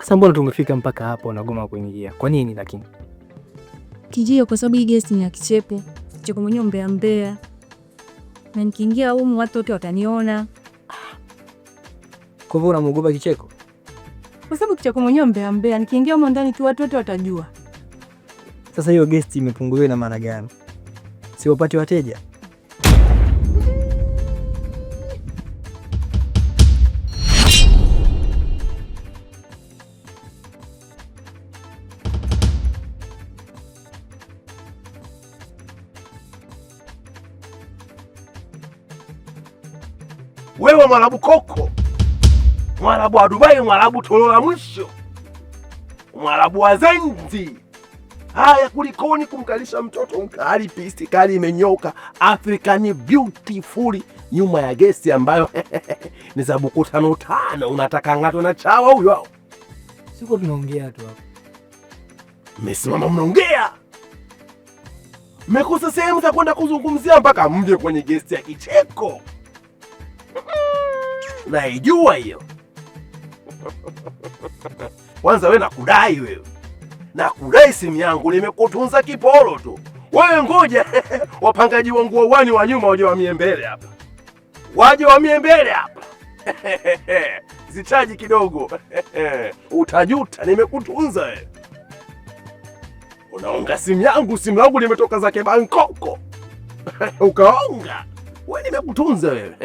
Sasa mbona tumefika mpaka hapa unagoma kuingia? Kwa nini lakini? Kijio kwa sababu hii gesti ni ya kichepo Cheko mwenyewe mbea mbea. Na nikiingia humu watu wote wataniona. Kwa hivyo unamuogopa kicheko? Kwa sababu kicheko mwenyewe mbea mbea. Nikiingia humu ndani tu watu wote watajua. Sasa hiyo gesti imepunguliwa ina maana gani? Siwapati wateja? wewe Mwarabu koko, Mwarabu wa Dubai, Mwarabu toleo la mwisho, Mwarabu wa Zanzi. Haya, kulikoni kumkalisha mtoto mkali? kali imenyoka African beautiful nyuma ya gesi ambayo ni za buku tano tano. Unataka ngato na chawa huyo hao? Siko tunaongea tu hapo, mmesimama mnaongea, mmekosa sehemu za kwenda kuzungumzia mpaka mje kwenye gesi ya kicheko naijua hiyo. Kwanza we nakudai wewe, nakudai simu yangu, nimekutunza kiporo tu wewe. Ngoja wapangaji wangu wa uani wa nyuma waje wamie mbele hapa, waje wamie mbele hapa zichaji kidogo utajuta, nimekutunza wewe. Unaonga simu yangu, simu yangu limetoka zake Bangkoko ukaonga we, nimekutunza wewe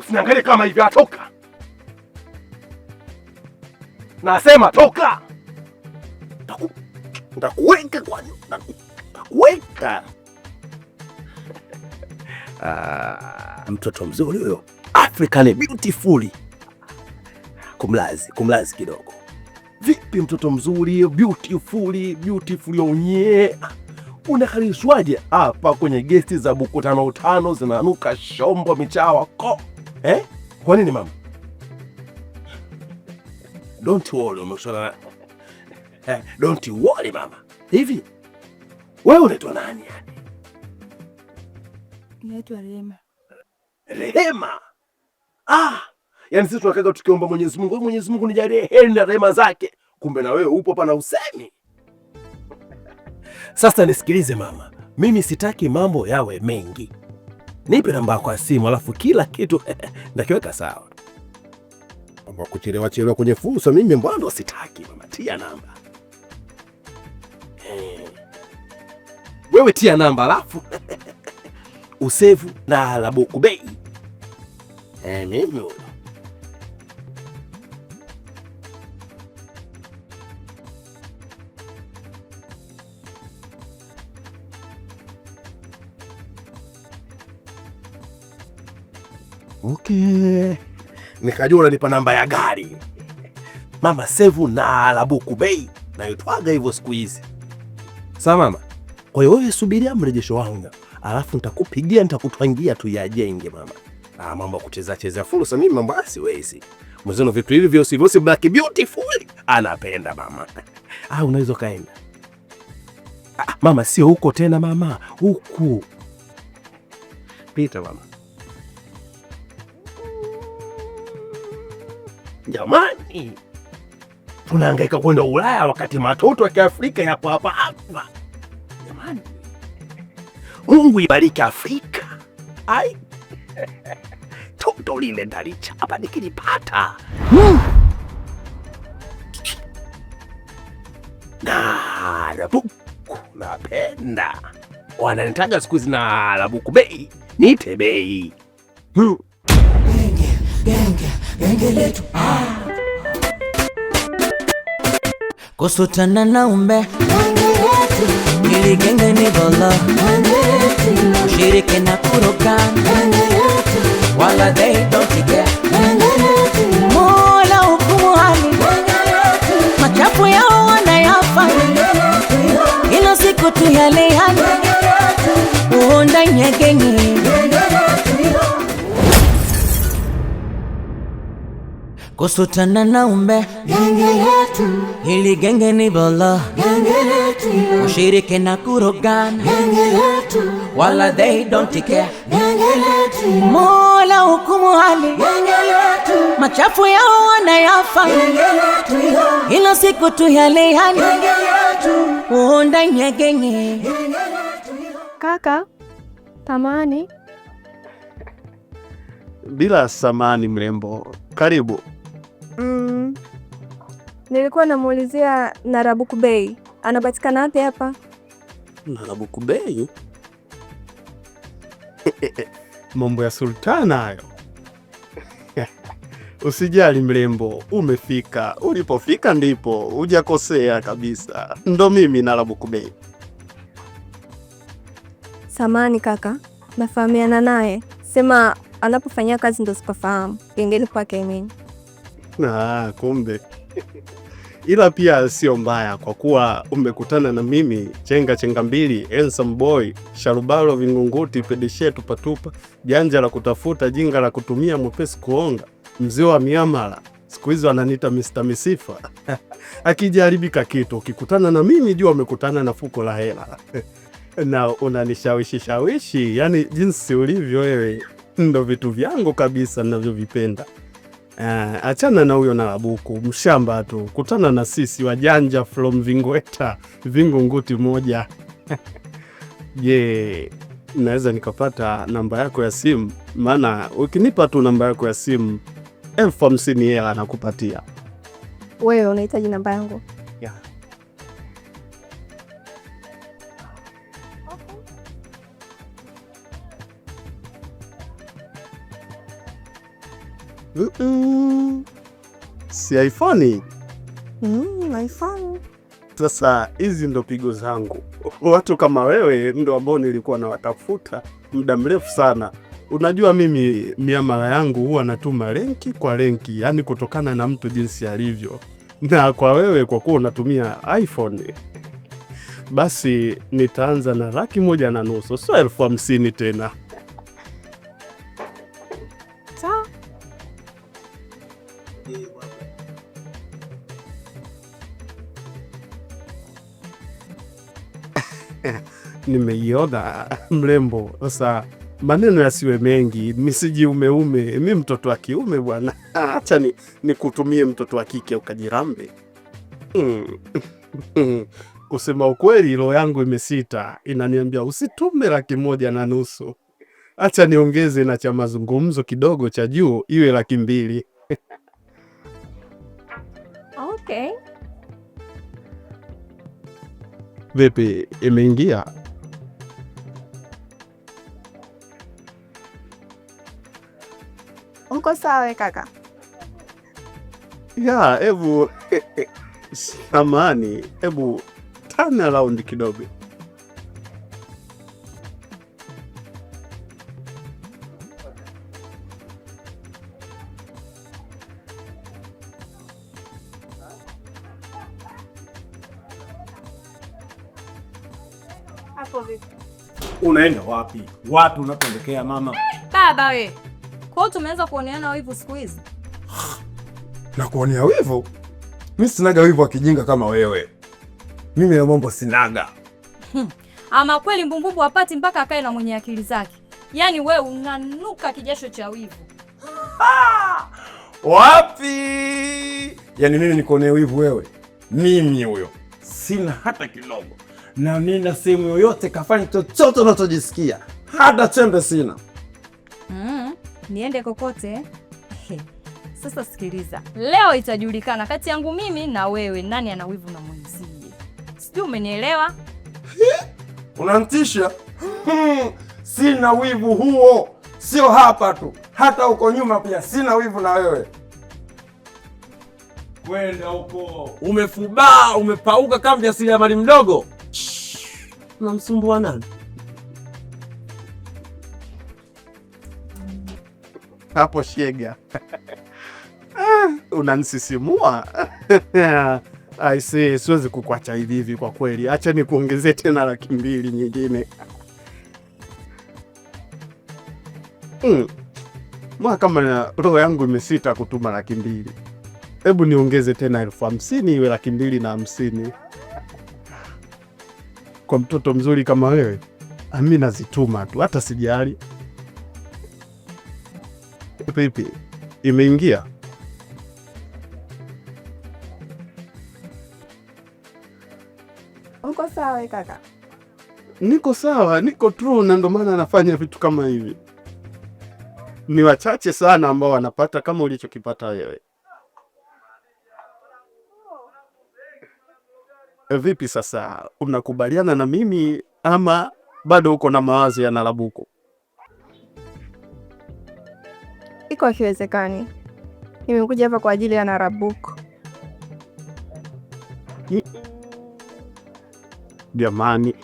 Usiniangalie kama hivyo, atoka. Nasema toka, Ndakuweka kwa ndakuweka. Ah, mtoto mzuri huyo, African beautiful. Kumlazi, kumlazi kidogo. Vipi mtoto mzuri beautiful, beautiful yonye unakalishwaje hapa kwenye gesti za buku tano tano zinanuka shombo michawa koo Eh? Kwa nini mama? Don't worry, umekosana. Eh, don't worry mama. Hivi wewe unaitwa nani yani? Naitwa Rehema. Rehema. Ah, yaani sisi tunakaga tukiomba Mwenyezi Mungu, wewe Mwenyezi Mungu nijalie heri na rehema zake. Kumbe na wewe upo hapa na usemi. Sasa nisikilize mama. Mimi sitaki mambo yawe mengi nipe namba yako ya simu, alafu kila kitu eh, eh, ndakiweka sawa. Mambo kuchelewa chelewa kwenye fursa, mimi mbona ndo sitaki. Mama, tia namba eh. wewe, tia namba alafu usevu na labuku bei mimi okay. Nikajua unanipa namba ya gari mama Sevu na Alabuku Bei nayotwaga hivyo siku hizi. Sawa mama, kwa hiyo wewe subiria mrejesho wangu, alafu nitakupigia nitakutwangia tu tuyajenge mama. Ah, mambo ya kucheza cheza fursa, mimi mambo asiwezi mwezeno, vitu hivi vyo sivyo vyosi, black beautiful anapenda mama. Ah, unaweza kaenda. ah, mama, sio huko tena mama, huku pita mama Jamani, tunaangaika kwenda Ulaya wakati matoto ya Kiafrika yapo hapa hapa. Jamani, Mungu ibariki Afrika. Ai, toto lile hapa nikilipata hmm. na rabuku napenda, wananitaga siku hizi na rabuku bei, nite bei hmm. genge genge genge letu ah. kusutana na umbe ili genge ni bolo shirike na kuruka wala they don't get Mola hukumu hali machafu yao wanayafa ilo siku tu yale yale uonda nyegenge kusutana na umbe genge letu, hili genge ni bolo genge letu, ushirike na kurogana genge letu, wala they don't care genge letu, Mola hukumu hali genge letu, machafu yao wanayafa genge letu, hilo siku tu yale yani genge letu, uonda nye genge kaka tamani bila samani mrembo, karibu. Mm, nilikuwa namuulizia Narabuku Bay anapatikana wapi hapa? Narabuku Bay mambo ya sultana hayo. Usijali mrembo, umefika. Ulipofika ndipo hujakosea kabisa, ndo mimi Narabuku Bay. Samani kaka, nafahamiana naye, sema anapofanyia kazi ndo sipafahamu, gengeni kwake mimi na kumbe ila pia sio mbaya kwa kuwa umekutana na mimi chenga chenga mbili, handsome boy, sharubalo vingunguti, pedeshe tupatupa, janja la kutafuta, jinga la kutumia, mwepesi kuonga, mzee wa miamala, siku hizo ananiita Mr. Misifa akijaribika kitu, ukikutana na mimi jua umekutana na fuko la hela na unanishawishi shawishi, yani jinsi ulivyo wewe ndo vitu vyangu kabisa ninavyovipenda. Uh, achana na huyo na labuku mshamba tu, kutana na sisi wajanja from Vingweta, Vingunguti moja. Je, yeah, naweza nikapata namba yako ya simu? Maana ukinipa tu namba yako ya simu elfu hamsini hela nakupatia wewe. Unahitaji namba yangu? yeah. Si iPhone? Mm, iPhone. Sasa hizi ndo pigo zangu. Watu kama wewe ndo ambao nilikuwa nawatafuta muda mrefu sana. Unajua mimi miamala yangu huwa natuma lenki kwa lenki, yaani kutokana na mtu jinsi alivyo, na kwa wewe kwa kuwa unatumia iPhone basi nitaanza na laki moja na nusu, sio elfu hamsini tena. nimeiona mrembo. Sasa maneno yasiwe mengi, misiji umeume Mi mtoto wa kiume bwana, acha nikutumie ni mtoto wa kike ukajirambe. Mm. Kusema ukweli, roho yangu imesita, inaniambia usitume laki moja na nusu, acha niongeze na cha mazungumzo kidogo cha juu, iwe laki mbili. Okay. Vipi, imeingia? tuko sawa kaka. Ya, ebu e, e, samani, ebu turn around kidogo. Unaenda wapi? Wapi unapendekea mama? Baba we. Kwa hiyo tumeanza kuoneana wivu siku hizi. Na kuonea wivu? Mimi sinaga wivu akijinga kama wewe. Mimi na mambo sinaga. Hmm. Ama kweli mbumbumbu hapati mpaka akae na mwenye akili zake. Yaani wewe unanuka kijasho cha wivu. Ah! Wapi? Yaani mimi nikuonea wivu wewe? Mimi huyo sina hata kidogo, na nina sehemu yoyote kafanya chochote unachojisikia, hata chembe sina niende kokote. He. Sasa sikiliza, leo itajulikana kati yangu mimi na wewe nani ana wivu na mwenzie, sijui umenielewa? Unamtisha? Hmm, sina wivu huo, sio hapa tu, hata uko nyuma pia sina wivu na wewe. Kwenda huko, umefubaa umepauka kama mjasiriamali mdogo. Unamsumbua nani? hapo Shega unansisimua I see, siwezi kukwacha hivi hivi kwa kweli. Acha nikuongezee tena laki mbili nyingine mm. Mwa kama roho yangu imesita kutuma laki mbili, hebu niongeze tena elfu hamsini iwe laki mbili na hamsini kwa mtoto mzuri kama wewe. Ami nazituma tu, hata sijali. Vipi, imeingia? Uko sawa kaka? Niko sawa, niko tu, na ndo maana anafanya vitu kama hivi. Ni wachache sana ambao wanapata kama ulichokipata wewe. E, vipi sasa, unakubaliana na mimi ama bado uko na mawazo ya Narabuku? iko akiwezekani. Nimekuja hapa kwa ajili ya Narabuku. Jamani,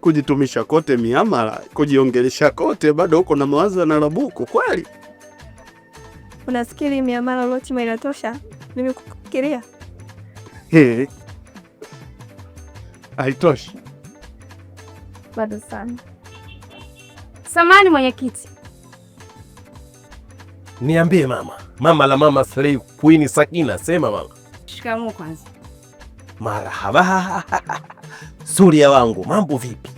kujitumisha kote miamala, kujiongelesha kote, bado uko na mawazo ya Narabuku kweli? Unasikili miamala uliotima inatosha mimi kufikiria? haitoshi bado sana. Samani mwenyekiti Niambie mama, mama la mama Slay Queen Sakina, sema mama. Shikamoo kwanza. Marahaba. Suria wangu, mambo vipi?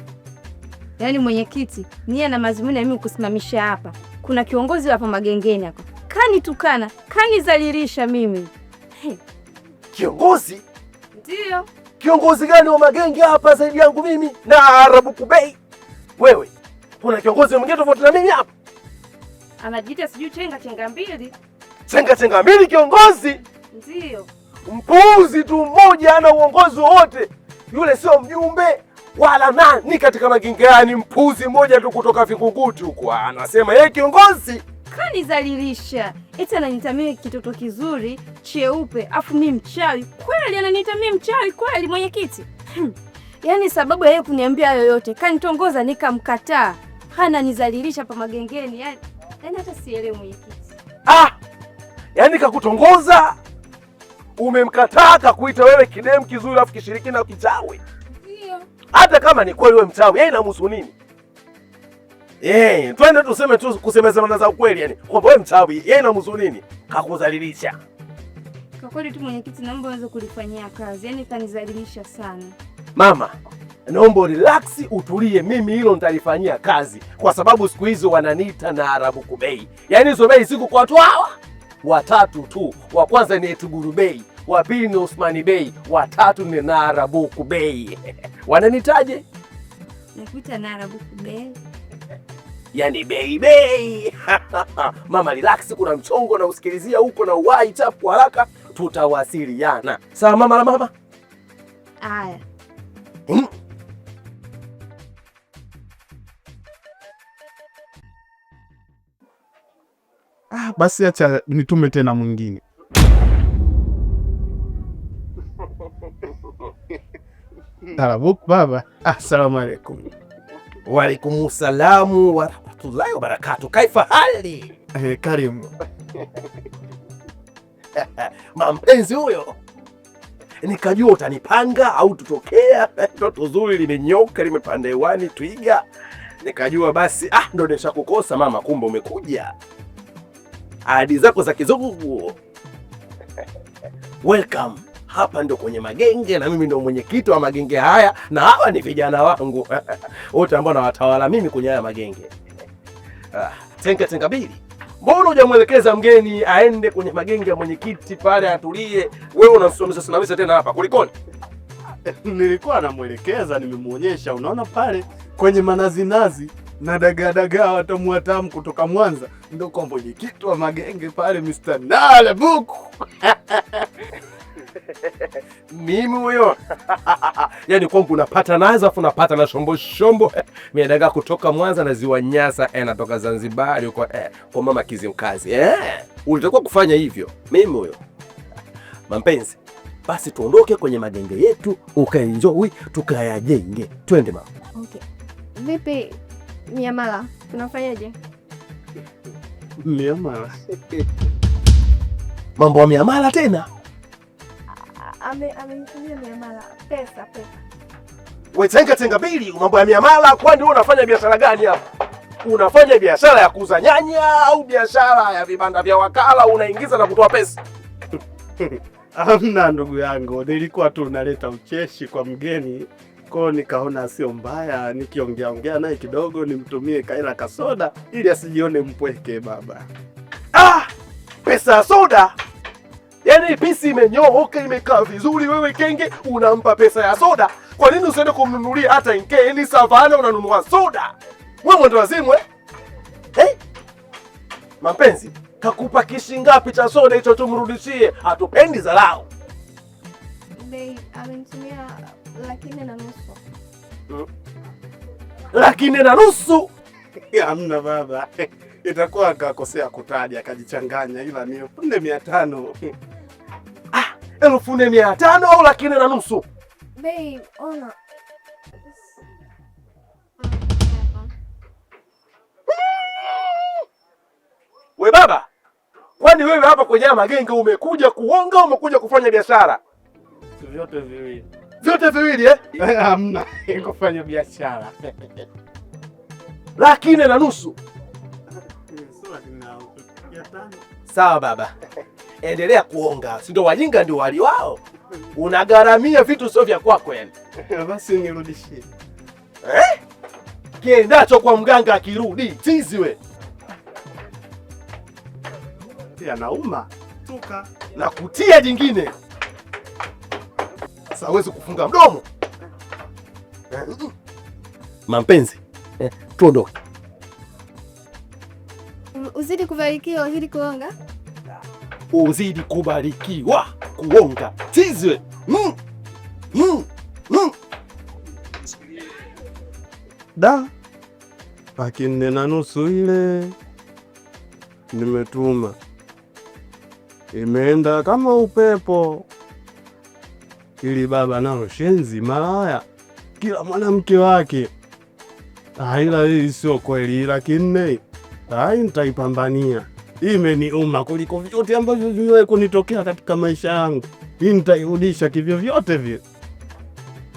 Yaani mwenyekiti, nia na mazimuni ya mimi kusimamisha hapa. Kuna kiongozi hapa magengeni hapa. Kanitukana, zalirisha mimi. Hey. Kiongozi? Ndio. Kiongozi gani wa magenge hapa zaidi yangu mimi na Arabu Kubei? Wewe, kuna kiongozi mwingine tofauti na mimi hapa? Anajiita sijui chenga chenga mbili. Chenga chenga mbili kiongozi? Ndio. Mpuuzi tu mmoja, ana uongozi wowote yule, sio mjumbe wala nani katika Magingani. Mpuuzi mmoja tu kutoka Vingunguti huko anasema yeye kiongozi. Kanizalilisha eti ananiita mimi kitoto kizuri cheupe, afu mimi mchawi kweli? Ananiita mimi mchawi kweli, mwenyekiti? Hmm. Yaani sababu ya yeye kuniambia yoyote, kanitongoza nikamkataa, nizalilisha pa Magengeni yani. Yaani hata sielewi mwenyekiti. Ah! Yaani kakutongoza umemkataa kakuita wewe kidemu kizuri afu kishiriki na kichawi. Ndio. Hata kama ni kweli wewe mchawi, yeye inamhusu nini? Eh, twende tuseme tu kusemezana za ukweli yani. Kwamba wewe mchawi, yeye inamhusu nini? Kakuzalilisha. Kwa kweli tu mwenyekiti, naomba uweze kulifanyia kazi. Yaani kanizalilisha sana. Mama, naomba relax, utulie. Mimi hilo nitalifanyia kazi, kwa sababu siku hizo wananiita na Arabu Kubei. Yaani hizo bei siku kwa watu hawa watatu tu, wa kwanza ni Etuguru Bei, wa pili ni Usmani Bei, watatu ni Narabuku Bei. wananitaje? Nakuita Arabu Kubei. Yaani bei bei. Mama relax, kuna mchongo na usikilizia huko na uwai chapu haraka, tutawasiliana. Sawa mama la mama. Aya. basi acha nitume tena mwingine. Tarabuk baba, assalamu ah, alaikum. Waalaikum salamu warahmatullahi wabarakatu. Kaifa hali? Eh, Karim. Mampenzi huyo, nikajua utanipanga au tutokea. Toto zuri limenyoka limepanda hewani, twiga. Nikajua basi, ah, ndo nishakukosa mama, kumbe umekuja ahadi zako za kizungu. Welcome. Hapa ndo kwenye magenge na mimi ndo mwenyekiti wa magenge haya, na hawa ni vijana wangu wote ambao nawatawala mimi kwenye haya magenge. Ah, tenga tenga bili, mbona hujamwelekeza mgeni aende kwenye magenge ya mwenyekiti pale atulie? Wewe unamsimamisha simamisha tena hapa, kulikoni? Nilikuwa namwelekeza, nimemwonyesha. Unaona pale kwenye manazinazi na dagadagaa watamuatamu kutoka Mwanza, ndo kwa mwenyekiti wa magenge pale Mr. Nale Buku mimi huyo yani kwangu unapata nazo afu unapata na shombo shombo. Mimi kutoka Mwanza na ziwa Nyasa, eh, natoka Zanzibar uko eh, kwa mama Kizimkazi eh, ulitakiwa kufanya hivyo. Mimi huyo mampenzi, basi tuondoke kwenye magenge yetu ukaenjoy tukayajenge, twende mama. Okay. Vipi miamala tunafanyaje? Miamala? mambo ya miamala tena? Amenitumia miamala, pesa pesa. We tenga tenga bili, mambo ya miamala. Kwani wewe unafanya biashara gani hapa? Unafanya biashara ya kuuza nyanya au biashara ya vibanda vya wakala, unaingiza na kutoa pesa? amna ndugu yangu, nilikuwa tu naleta ucheshi kwa mgeni kwao, nikaona sio mbaya nikiongea ongea naye kidogo, nimtumie kaela kasoda ili asijione mpweke baba. Ah, pesa ya soda yaani pisi imenyooka imekaa vizuri. Wewe kenge unampa pesa ya soda, kwa nini usiende kumnunulia hata nkeni yaani savana? Unanunua soda wewe mwendo wazimu eh? Hey? Eh? Mapenzi kakupa kishi ngapi cha soda hicho? Tumrudishie, hatupendi dharau laki nne na nusu. Mm. na nusu? Hamna baba, itakuwa akakosea kutaja akajichanganya, ila ni elfu nne mia tano. Ah, elfu nne mia tano au laki nne na nusu? Bei, ona. We baba, kwani wewe hapa kwenye magenge umekuja kuonga, umekuja kufanya biashara? Vyote viwili vyote viwili eh? eh kufanya biashara laki nne na nusu. Sawa baba, endelea kuonga, si ndio? Wajinga ndio wali wao. Unagharamia vitu sio vya kwako yani. Basi nirudishie eh? Kiendacho kwa mganga akirudi tizi we. nauma na kutia jingine sasa hawezi kufunga mdomo. Eh, Mampenzi, eh, tuondoke. Mm, uzidi kubarikiwa, uzidi kuonga, uzidi kubarikiwa kuonga tizwe. mm. mm. mm. Da, laki nne na nusu ile nimetuma imeenda kama upepo. Hili baba nalo shenzi malaya, kila mwanamke wake. Ila hii sio kweli, lakini ai, nitaipambania hii. Imeniuma kuliko vyote ambavyo vimewahi kunitokea katika maisha yangu. Hii nitairudisha kivyo vyote vile,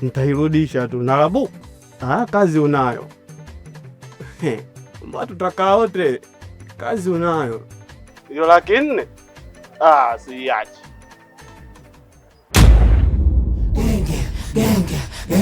nitairudisha tu. Narabuku, ah, kazi unayo mba tutakaa wote, kazi unayo hiyo, lakini ah, siiache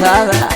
nada.